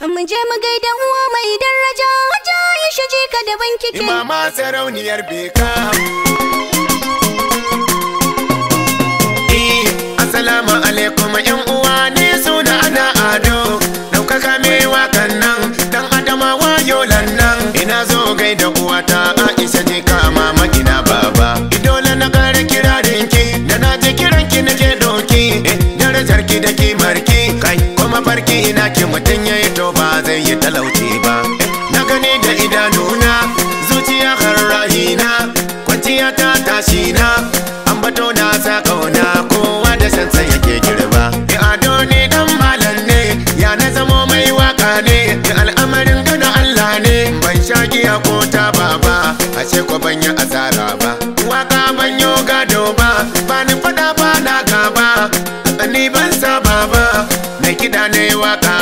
Mu je mu gaida uwa mai daraja haja ya shiji ka da bankike. Imama sarauniyar beka. Eh, assalamu alaikum yan uwa ne suna ana ado. Daukaka me wa kannan. dan adama wayo lannan. Ina zo gaida ta Aisha je ka mama. zai yi talauci ba na gani da idanuna zuciya har na. kwanciya ta tashi na an bato na sa kauna kowa da sansa yake girba ya ado ne dan malam ne ya na zamo mai waka ne al'amarin gano Allah ne ban sha giya ko ta ba ba ashe ko ban yi asara ba waka ban yo gado ba ba ni fada ba na gaba ni ban saba ba mai kida ne waka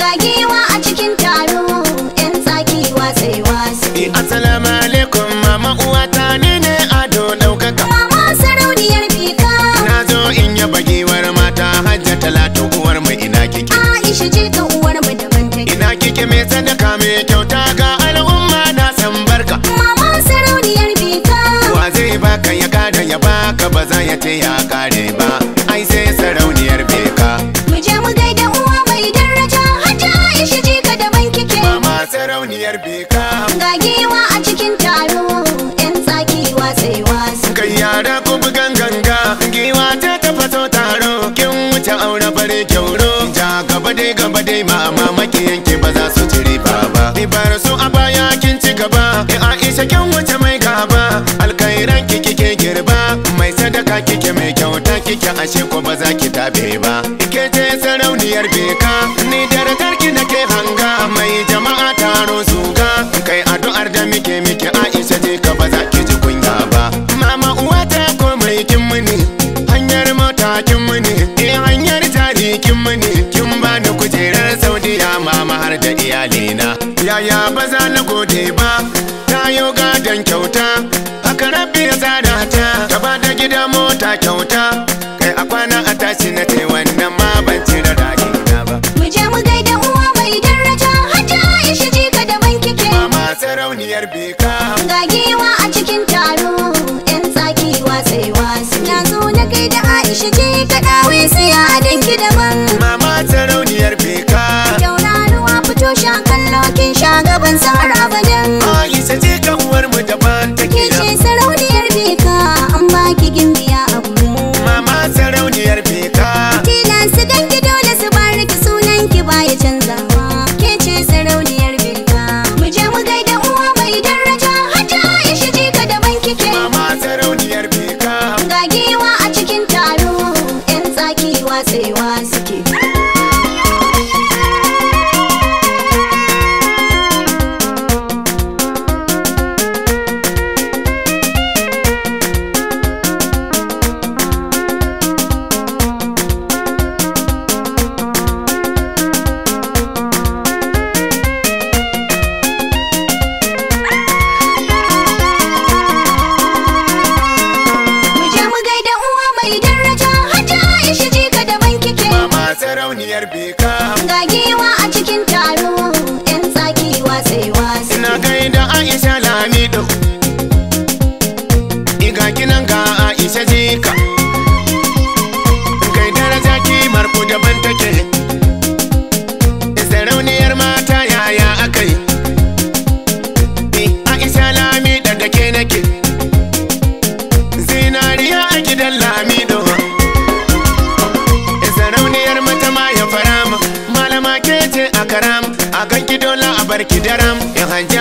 Gagewa a cikin taro, ‘yan tsaki wasai wasai. alaikum, mama uwata ni ne ado ɗaukaka. Mama sarauniyar Na zo in yaba giwar mata hajja talatu uwar ina Aisha ce ta uwar mu daban take. Ina kike mai sadaka. ki ashe ko ba za ki tabe ba ke ce sarauniyar beka ni darajar na ke hanga mai jama'a taro suga kai addu'ar da muke muke Aisha ce ka ba za ki ji kunya ba mama uwa ta komai kin mini. hanyar mota kin eh hanyar jari kin kin ba ni kujerar Saudiya mama har da iyalina yaya ba za na gode ba tayo gadon kyauta haka rabbi ya tsada ta ta ba da gida mota kyauta Friends are a kan ki a barki daram in hanja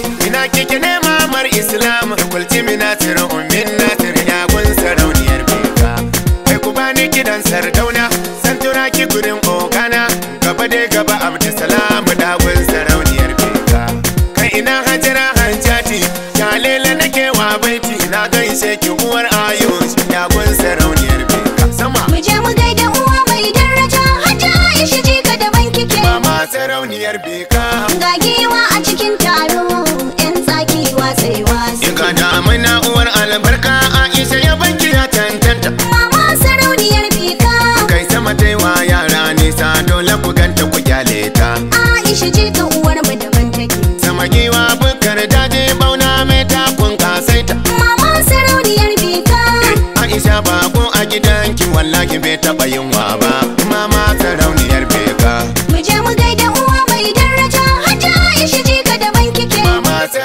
kulci ina keke ne mamar islam da kulci mina tirin ummin ya gun sarauniyar beka kai ku bani kidan sardauna san tura ki gurin ogana gaba dai gaba abdulsalam da gun sarauniyar beka kai ina hajara hanjati jalele nake wa baiti na gaishe ki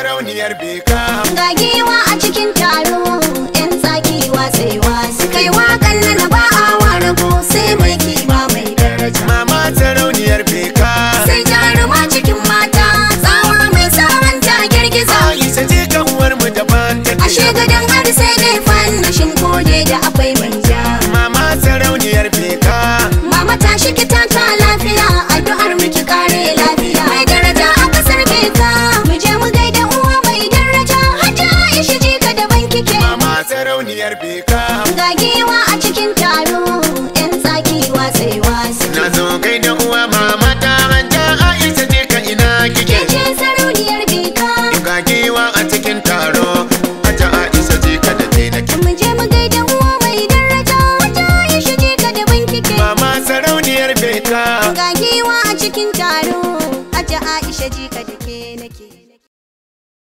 sarauniyar beka ga a cikin taro yan tsaki watsewa wasu. kai wa kanna na ba a warago sai mai kima mai daraja mama sarauniyar beka sai jaruma cikin mata tsawa mai sauranta ta girgiza isa je kan uwar mu daban gada